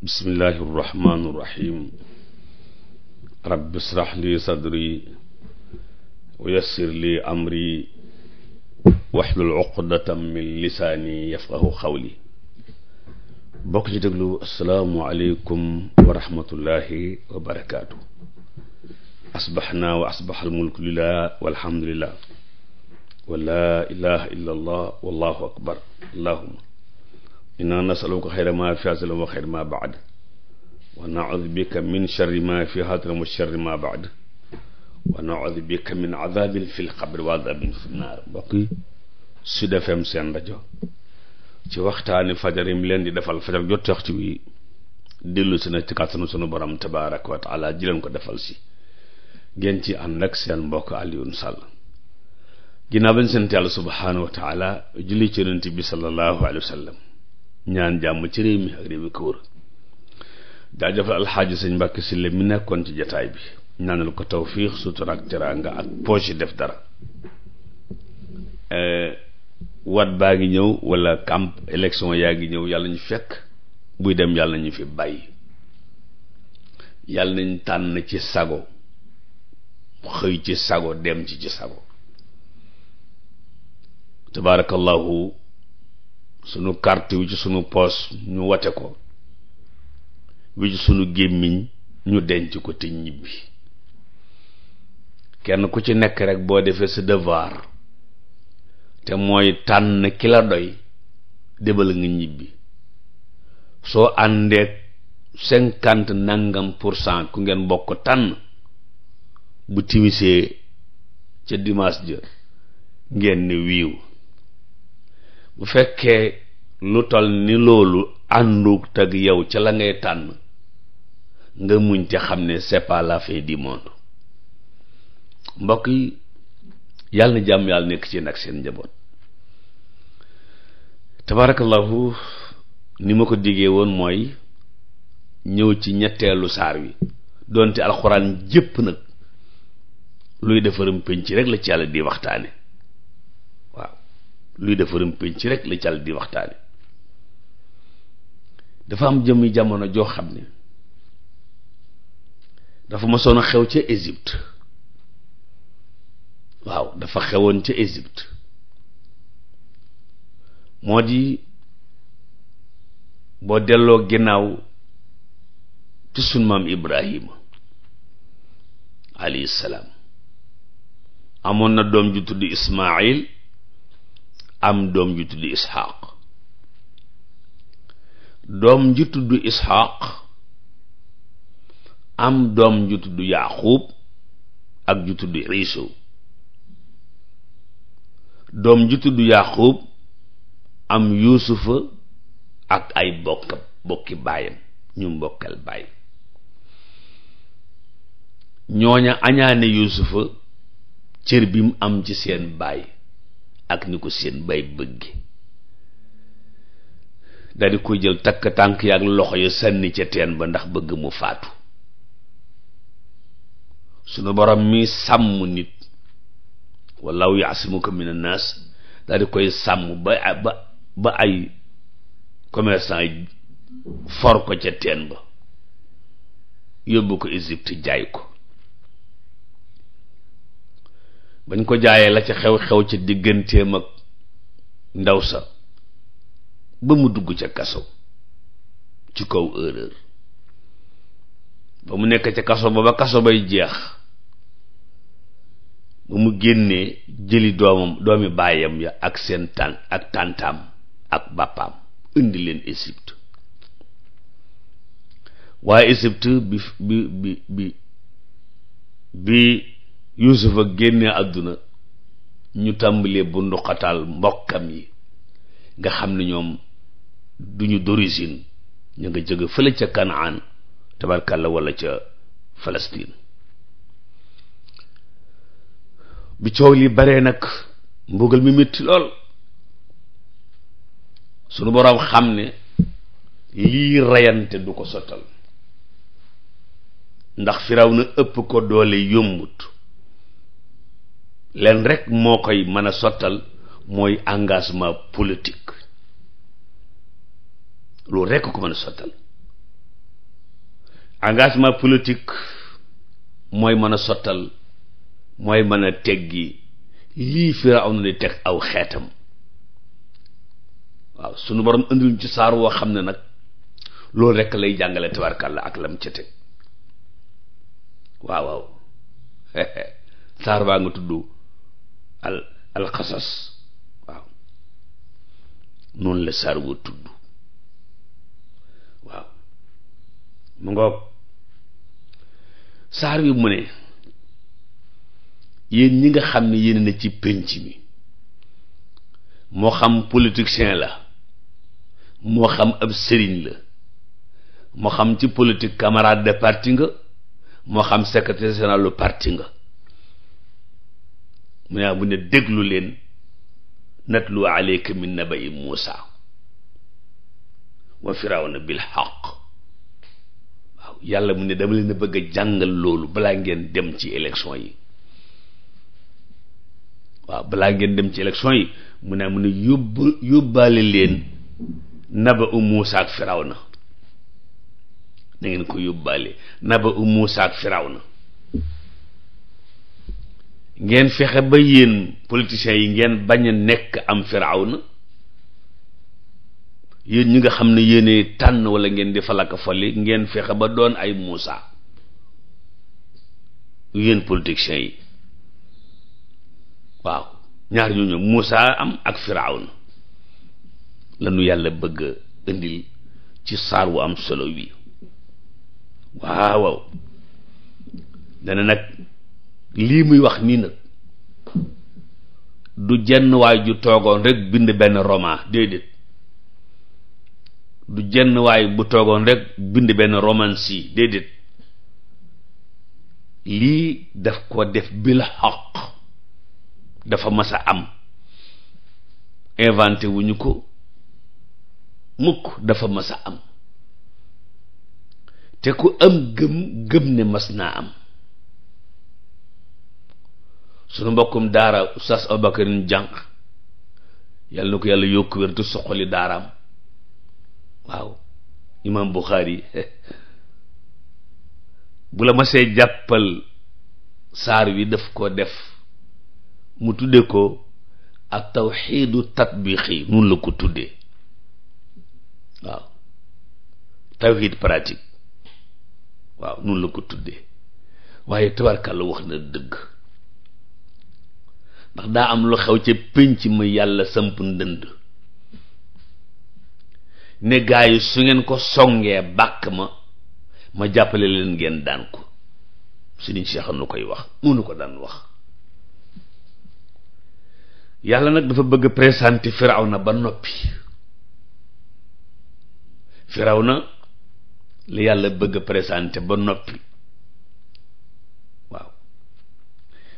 bismillahi irrahmani irrahim rabbi israh li sadri wa yassir li amri waxlul uqdatan min lisaani yafqahu xawli bokk ci déglu asalaamualeykum wa rahmatullahi wa barakaatu asbaxnaa wa asbax almulku lillah walhamdulillah wa laa ilaha illa allah wallahu akbar allahuma inna nasaluka xayra ma fi haaza wa xayra ma baad wa naudu bika min sharri ma fi haaza wa sharri ma baad wa naudu bika min adaabin fil qabri wa adaabin fin naar mbokk yi Sud seen rajo ci waxtaani fajar yi leen di defal fajar jot waxtu wi dellu si na ci kàttanu sunu borom tabaaraka wa taala ji leen ko defal si ngeen ci ànd ak seen mbokk Alioune Sall ginnaaw bañ sant yàlla subhaanahu wa taala julli ci yonent bi sallallahu alayhi wa ñaan jàmm ci réew mi ak réew mi ko wër jaajëfal alxaaji sëñ Mbàkke Sylla mu nekkoon ci jataay bi ñaanal ko tawfiix sutura ak teraanga ak poche def dara eh, wat baa ngi ñëw wala camp élection yaa ngi ñëw yàlla ñu fekk buy dem yàlla ñu fi bàyyi yàlla nañ tànn ci sago xëy ci sago dem ci ci sago tabaarakallahu sunu carte wi ci sunu poos ñu wate ko wi ci sunu gémmiñ ñu denc ko te ñibbi kenn ku ci nekk rekk boo defee sa devoir te mooy tànn ki la doy débal nga ñibbi soo àndeek cinquante nangam pour cent ku ngeen bokk tànn bu timisee ca dimaas ja ngeen ne wiiw bu fekkee lu tol ni loolu àndug tag yow ca la ngay tànn nga muñ te xam ne c'est pas la fin du mbokk yi yàlla na jàmm yàlla nekk ci nag seen njaboot tabarakallahu ni ma ko diggee woon mooy ñëw ci ñetteelu saar wi doonte alxuraan jëpp nag luy defaram penc rek la ci yàlla di waxtaane luy defarum pénc rek la cal di waxtaane dafa am jëmm jamono joo xam ne dafa mosoon a xew ca Égypte waaw dafa xewoon ca Égypte moo di boo delloo ginnaaw ci sunu maam Ibrahima alayhi salaam amoon na doom ju tudd Ismaayil am doom ju tudd isxaaq doom ju tudd isxaaq am doom ju tudd yaaxuub ak ju tudd iisu doom ju tudd yaaxuub am yuusufa ak ay bokk bokki baayam ñu mbokkal baay ñooña añaane yuusufa cër bi mu am ci seen baay ak ni ko seen bay bëgge daldi koy jël takk tànk yi ak loxo ya sànni ca teen ba ndax bëgg mu faatu sunu borom mi sàmm nit wallahu yaasimuka min annaas daldi koy sàmm ba ba ba ay commerçant yi ko ca teen ba yóbbu ko Égypte jaay ko bañ ko jaayee la ca xew-xew ca digganteem ak ndaw sa ba mu dugg ca kaso ci kaw erreur ba mu nekk ca kaso ba ba kaso bay jeex ba mu génnee jëli doomam doomi baayam ya ak seen tàn ak tàntaam ak bàppaam indi leen Égypte waaye Égypte bi bi bi bi yuusufa génne àdduna ñu tàmbalee bu mbokkam yi nga xam ne ñoom duñu dorisin ñu nga jóge fële ca Kanaan tabarkàlla walla ca Palestine bi coow li baree nag mbugal mi métti lool sunu boroom xam ne lii reyante du ko sottal ndax firaw na ëpp ko doole yombut leen rek moo koy mën a sottal mooy engagement politique loolu rek ko mën a sottal engagement politik mooy mën a sottal mooy mën a teggi lii Firawna di teg aw xeetam waaw sunu borom indil ci saar woo xam ne nag loolu rek lay jàngale tabarkàlla ak lam ca teg waaw waaw saar baa nga tudd al alxasas waaw noonu la saar wa tudd waaw mu ngoog saar wi mu ne yéen ñi nga xam ni yéen na ci pénc mi moo xam politicien la moo xam ab sëriñ la moo xam ci politique camarade de parti nga moo xam secrétaire général lu parti nga mu ne mu ne déglu leen natlu aleyka min nabai Muusa wa firawna bil xaq waaw yàlla mu ne dama leen a bëgg a jàngal loolu balaa ngeen dem ci élection yi waaw balaa ngeen dem ci élection yi mu ne mu ne yóbbu yóbbaale leen naba u Muusa ak firawna na ngeen ko yóbbaale naba u Muusa ak firawna ngeen fexe ba yéen politiciens yi ngeen bañ a nekk am na yéen ñi nga xam ne yéene tànn wala ngeen di falaka fali ngeen fexe ba doon ay Muusa yéen politiciens yi waaw ñaar ñooñu Muusa am ak na lanu yàlla bëgg a indil ci saar wu am solo wi waaw waaw dana nag lii muy wax nii nag du jenn waay bu toogoon rek bind benn romance yi déedéet lii daf ko def bil xaq dafa masa am inventé wuñu ko mukk dafa masa am te ku am gëm gëm ne mas naa am sunu mbokkum daara oustaz Aboubacarine jànq yàlla na ko yàlla yokk wér te soqali daaraam waaw imam Bukhari bu la ma see jàppal saar wi daf ko def mu tudde ko ak tawxiidu tatbiqi nun la ko tudde waaw tawxiid pratique waaw nun la ko tuddee waaye tabarkàlla wax na dëgg ndax daa am lu xew ca pénc ma yàlla samp ndënd ne gaa yi su ngeen ko songee bàkk ma ma jàppale leen ngeen daan ko Sëriñ Cheikh nu koy wax mënu ko daan wax yàlla nag dafa bëgg présenter na ba noppi na li yàlla bëgg présenter ba noppi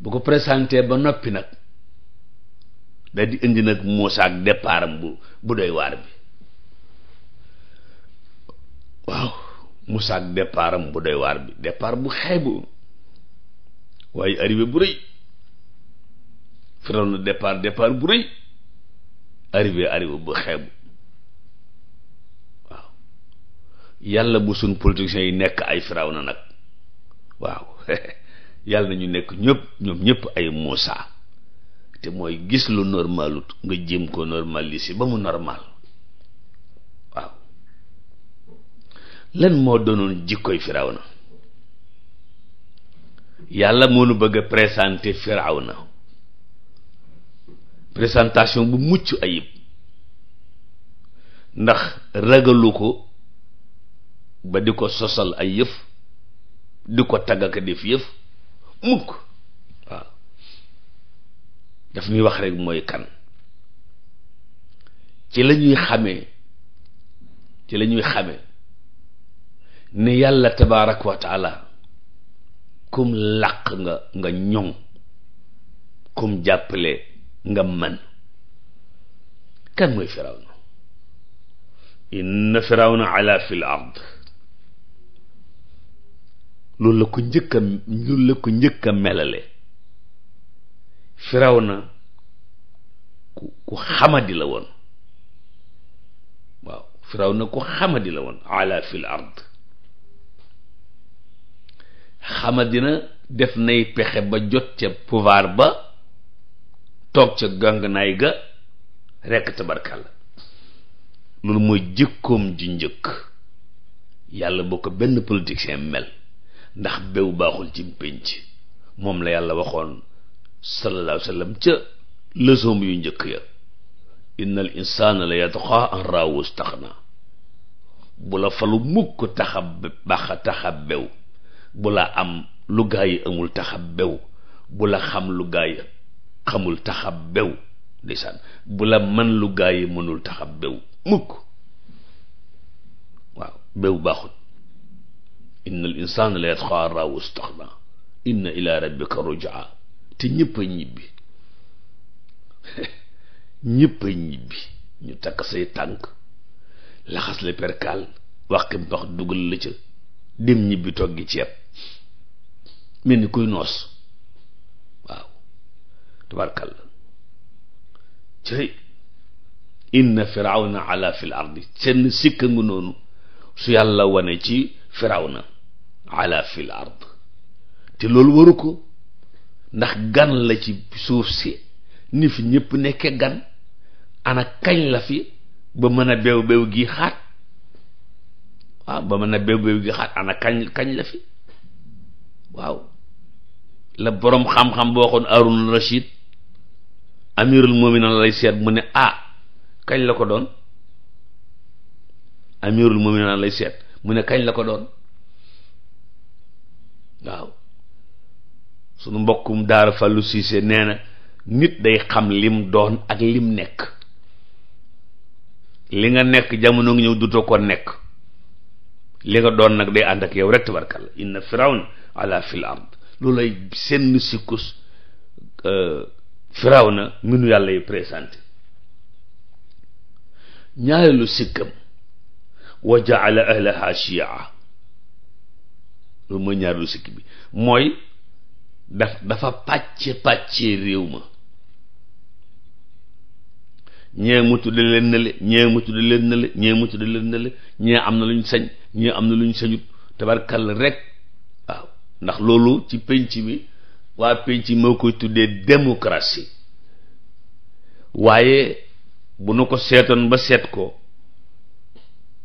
bu ko présenté ba noppi nag da di indi nag Moussa ak bu bu doy waar bi waaw Moussa ak bu doy waar bi départ bu xeebu waaye arrivé bu rëy Firawna départ départ bu rëy arrivé arrivé bu xeebu waaw yàlla bu suñ politiciens yi nekk ay Firawna nag waaw yàlla na ñu nekk ñëpp ñoom ñëpp ay Moussa te mooy gis lu normalut nga jéem ko normaliser ba mu normal waaw lan moo doonoon jikkoy na yàlla moo nu bëgg a présenter na présentation bu mucc ayib ndax ragalu ko ba di ko sosal ay yëf di ko tagg ak def yëf mukk waaw daf ñuy wax rek mooy kan ci la ñuy xamee ci la ñuy xamee ne yàlla tabarak wa kum làq nga nga ñoŋ kum jàppale nga man kan mooy firawna inna firawna ala fil ard loolu la ko njëkk a loolu la ko njëkk a melale firaw na ku ku xamadi la woon waaw firaw na ku xamadi la woon ala fil ard xamadina def nay pexe ba jot ca pouvoir ba toog ca gàngnaay ga rekk tabarkal loolu mooy jëkkoom ji njëkk yàlla boo ko benn politicien mel ndax béw baaxul ci pénc moom la yàlla waxoon sallallahu alayhi ca leçon yu njëkk ya innal insaana la yatxaa an raawu istaxna bu la falu mukk taxa bax taxa bew bu la am lu gaa yi amul taxa bew bu la xam lu gaa yi xamul taxa bew bu la man lu gaa yi mënul taxab bew mukk waaw bew baaxut inna al insana la yatxa rawu staxna inna ila rabbika rujaa te ñëpp a ñibbi ñëpp ñibbi ñu takk say tànk laxas la perkaal waxi mbax dugal la ca dem ñibbi toggi ceeb mel ni kuy noos waaw tabarkal la cëy inna firawna ala fil ardi seen sikka ngu noonu su yàlla wane ci firawna ala fil ard te loolu waru ko ndax gan la ci suuf si ni fi ñëpp nekke gan ana kañ la fi ba mën a beew beew gi xaat ba mën a beew beew gi xaat ana kañ kañ la fi waaw la boroom xam-xam boo xoon Arun Rachid amirul mu'minin lay seet mu ne ah kañ la ko doon amirul mu'minin lay seet mu ne kañ la ko doon waaw sunu mbokkum daara fàllu siise nee na nit day xam lim doon ak lim nekk li nga nekk jamono ngi ñëw dutoo ko nekk li nga doon nag day ànd ak yow rek tabarkalla inna firawna ala fil ard loolu lay senn sikkus euh, firawna mi nu yàlla yi présenté ñaareelu sikkam wa jaala ahlaha chia loolu mooy ñaareelu sikk bi mooy daf dafa pàcce pàcce réew ma ñee mu tudde leen na le ñee mu tudde leen na le leen na ñee am na lu ñu sañ ñee am na lu ñu sañut tabarkal rek waaw ndax loolu ci pénc mi waa pénc mi moo koy tuddee démocratie waaye bu nu ko seetoon ba seet ko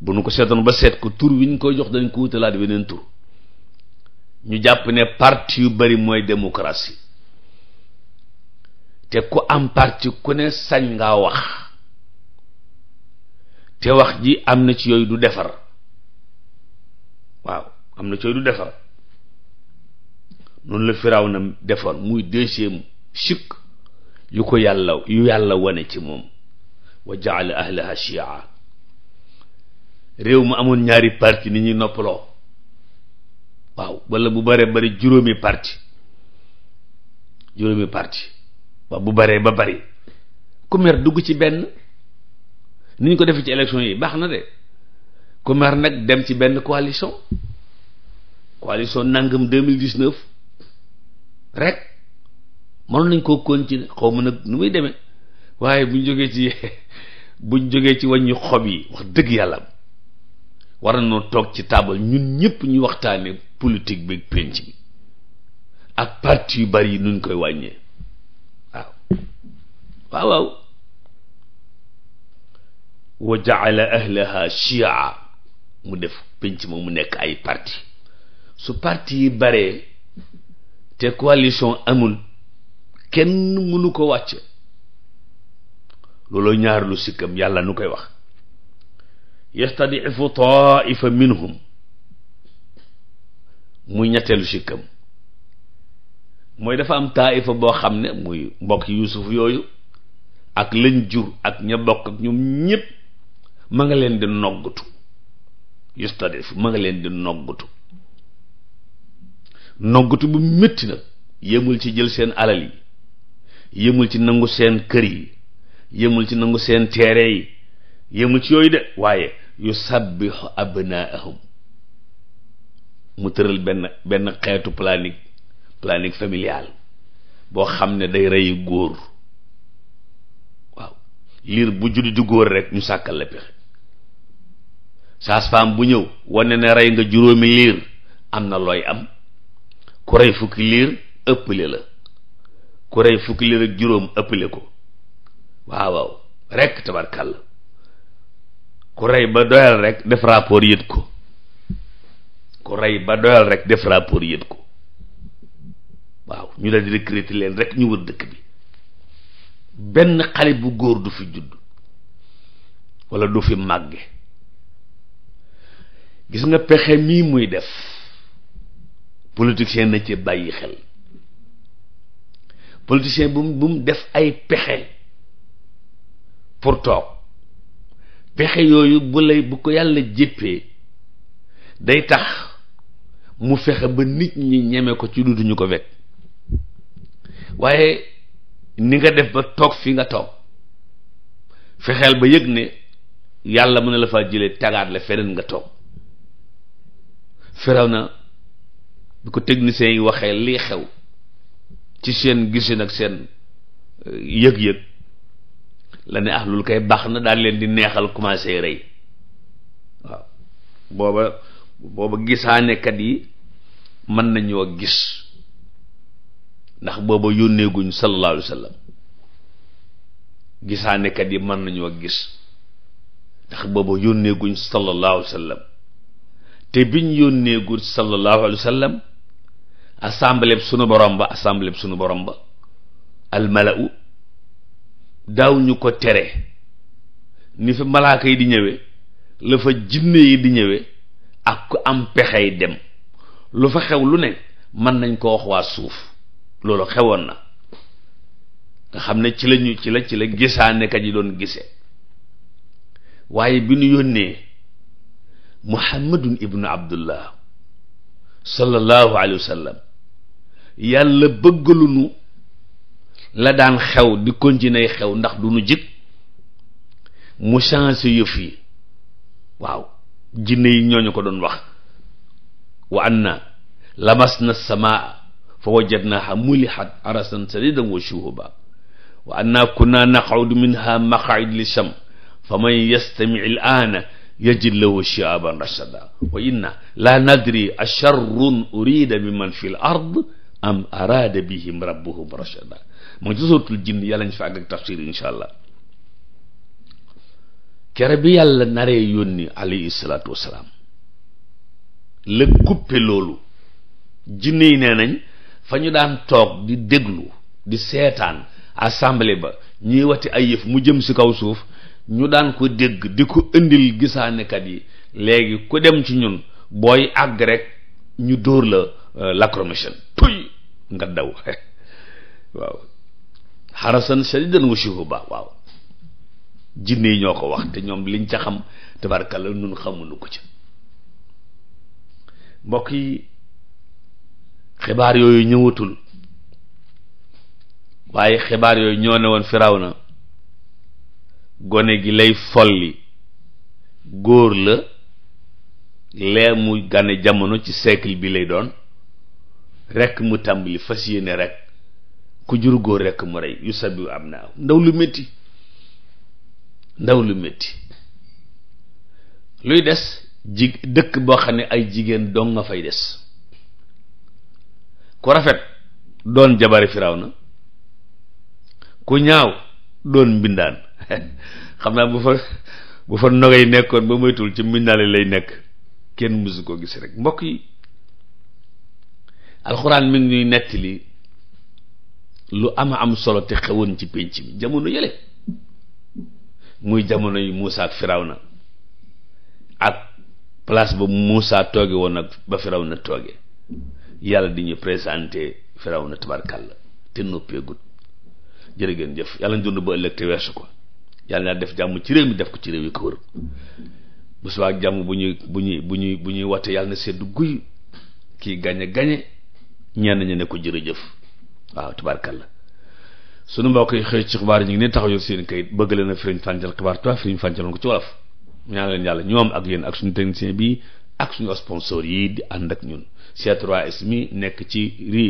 bu nu ko seetoon ba seet ko tur wi ñu koy jox dañ ko wutalaat weneen tur ñu jàpp ne parti yu bari mooy démocratie te ku am parti ku ne sañ ngaa wax te wax ji am na ci yooyu du defar waaw am na ci yooyu du defar noonu la firaaw na defar muy deuxième sikk yu ko yàlla yu yàlla wane ci moom wa jaale ahlaha chia réew mu amoon ñaari parti ni ñuy noppaloo waaw wala bu bëree bëri juróomi parti juróomi parti waaw bu bëree ba bëri ku dugg ci benn ni ñu ko defee ci élection yi baax na de ku nag dem ci benn coalition coalition nangam 2019 rek mënoon nañ koo continuer xaw ma nag nu muy demee waaye bu jógee ci buñ jógee ci wàññi xob yi wax dëgg yàlla war nañoo toog ci taabal ñun ñëpp ñu waxtaanee. politique bi pénc bi ak parti yu bari nuñ koy wàññee waaw waaw waaw wa jaala ahlaha chia mu def pénc ma mu nekk ay parti su parti yi baree te coalition amul kenn mënu ko wàcce loolu ñaar lu sikkam yàlla nu koy wax yastadifu taifa minhum muy ñetteelu sikkam mooy dafa am taayifa boo xam ne muy mbokk yuusuf yooyu ak lëñ jur ak ña bokk ak ñoom ñépp ma nga leen di noggatu yustadif ma nga leen di noggatu noggatu bu métti nag yëmul ci jël seen alal yi yëmul ci nangu seen kër yi yëmul ci nangu seen teere yi yëmul ci yooyu de waaye yu yusabbixu abnaahum mu tëral benn benn xeetu planning planning familial boo xam ne day rey góor waaw liir bu juddu di góor rek ñu sàkkal la pexe saas-femme bu ñëw wane ne rey nga juróomi liir am na looy am ku rey fukki liir ëppale la ku rey fukki liir ak juróom ëppale ko waaw waaw rek tabarkàlla ku rey ba doyal rek def rapport yët ko ku rey ba doyal rek def rapport yët ko waaw ñu la di recruter leen rek ñu wër dëkk bi benn xale bu góor du fi judd walla du fi màgge gis nga pexe mii muy def politicien na ci bàyyi xel politicien bu mu def ay pexe pour toog pexe yooyu bu lay bu ko yàlla jéppee day tax mu fexe ba nit ñi ñeme ko ci duduñu ko wekk waaye ni nga def ba toog fi nga toog fexeel ba yëg ne yàlla mën na la faa jëlee tagaat la feneen nga toog feraw na bi ko techniciens yi waxee lii xew ci seen gisin ak seen euh, yëg-yëg la ne ah loolu kay baax na daal leen di neexal commencé rey waaw booba booba gisaanekat yi mën nañoo gis ndax booba yónneeguñ sallallahu alayhi wa gisaanekat yi mën nañoo gis ndax booba yónneeguñ sallallahu alayhi wa te biñ yónneegul sallallahu alayhi wa sallam assemblée sunu borom ba assemblée bi sunu borom ba almalau daaw ñu ko tere ni fi malaaka yi di ñëwee la fa jinne yi di ñëwee ak ku am pexey dem lu fa xew lu ne mën nañ ko wax waa suuf loolu xewoon na nga xam ne ci lañu ci la ci la gisaane ka ji doon gise waaye bi nu yónnee muhammadun ibnu abdullah sallallahu alayhi wa sallam yàlla bëggalunu la daan xew di continuer xew ndax du nu jig mu changé yëf yi waaw jinne yi ñooñu ko doon wax wa anna lamasna samaa fa wajadnaha mulihat arasan sadidan wa shuhuba wa anna kunna naq'udu minha maq'id lisham faman yastami' al-ana yajid lahu shihaban rashada wa inna la nadri asharrun urida biman fi al-ard am arada bihim rabbuhum rashada mu ngi ci suratul jinn yàlla ñu fa àgg ak tafsir insha allah kere bi yàlla naree yónni alayhi salaatu wasalaam la kuppe loolu jinne yi nee nañ fa ñu daan toog di déglu di seetaan assemblée ba ñuy wati ay yëf mu jëm si kaw suuf ñu daan ko dégg di ko indil gisaanekat yi léegi ku dem ci ñun booy àgg rek ñu dóor la euh, lacrymogène tuy nga daw waaw xarasan shadidan wa shuhuba waaw jinne yi ñoo ko wax te ñoom liñ ca xam te tabarkalla nun xamuñu ko ca mbokk yi xibaar yooyu ñëwatul waaye xibaar yooyu ñoo ne woon na gone gi lay folli góor la leer mu gane jamono ci siècle bi lay doon rekk mu tàmbali fas yéene rekk ku jur góor rekk mu rey yu sabi am naaw ndaw lu métti ndaw lu metti luy des ji dëkk boo xam ne ay jigéen doom nga fay des ku rafet doon jabari na ku ñaaw doon mbindaan xam naa bu fa bu fa nogay nekkoon ba moytul ci mbindaale lay nekk kenn mësu ko gis rek mbokk yi alxuraan mi ngi ñuy nettali lu ama am solo te xewoon ci pinc mi jamono yële muy jamono yi Muusa ak firawna ak place ba Moussa tooge woon nag ba firaw na tooge yàlla di ñu présenté firaw na tabarkàlla te noppeegut jërë ngeen jëf yàlla ñu ba ëllëg te weesu ko yàlla naa def jàmm ci réew mi def ko ci réew yi ko bu subaa jàmm bu ñuy bu ñuy bu ñuy bu ñuy wate yàlla na seddu guy kii gañe gañe ñenn ñu ne ko jërëjëf waaw tabarkàlla sunu mbokk yi xëy ci xibaar ñu ngi ne taxaw yor seen kayit bëgg leen a firiñ fàncal xibaar tubaab firiñ ko ci wolof ñaan yàlla yàlla ñoom ak yéen ak suñu technicien bi ak suñu sponsor yi di ànd ak ñun C3S mi nekk ci ri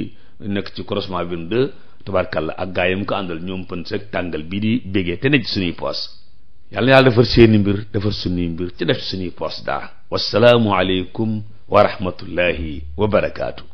nekk ci croisement 22 tabarkàlla ak gaa yam ko àndal ñoom pën sek tàngal bii di bégee tene ne ci suñuy poos yàlla na yàlla defar seeni mbir defar suñuy mbir ci def ci suñuy poos dara wasalaamu aleykum wa rahmatullahi wa barakaatu.